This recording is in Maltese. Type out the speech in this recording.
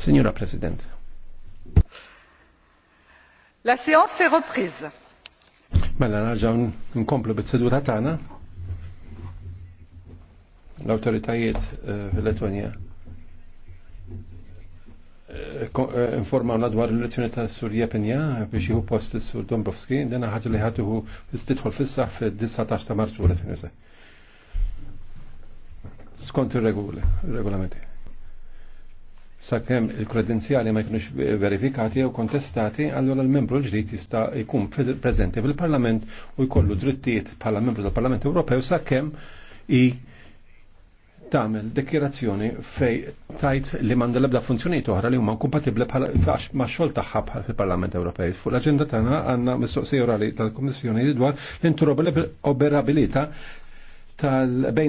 Signora Presidente. La séance est reprise. Mela narġaw nkomplu bit-seduta tagħna. l autoritajiet eh, fil-Letwanja eh, eh, informawna dwar l-elezzjoni ta' Sur Jepinja biex jieħu post Sur Dombrovski, dena ħaġa li ħatuhu titħol fis fissa fid-19 ta' Marzu l Skont ir-regoli, regolamenti sakemm il-kredenzjali ma jkunux verifikati jew kontestati, allora l-membru l-ġdid jista' jkun preżenti fil-Parlament u jkollu drittijiet bħala membru tal-Parlament Ewropew sakemm i tagħmel dekjerazzjoni fej tajt li m'għandha l-ebda funzjonijiet oħra li huma kompatibbli max-xogħol tagħha bħal fil-Parlament Ewropej. Fuq l-aġenda tagħna għandna mistoqsija orali tal-Kummissjoni dwar l-interoperabilità tal-bejn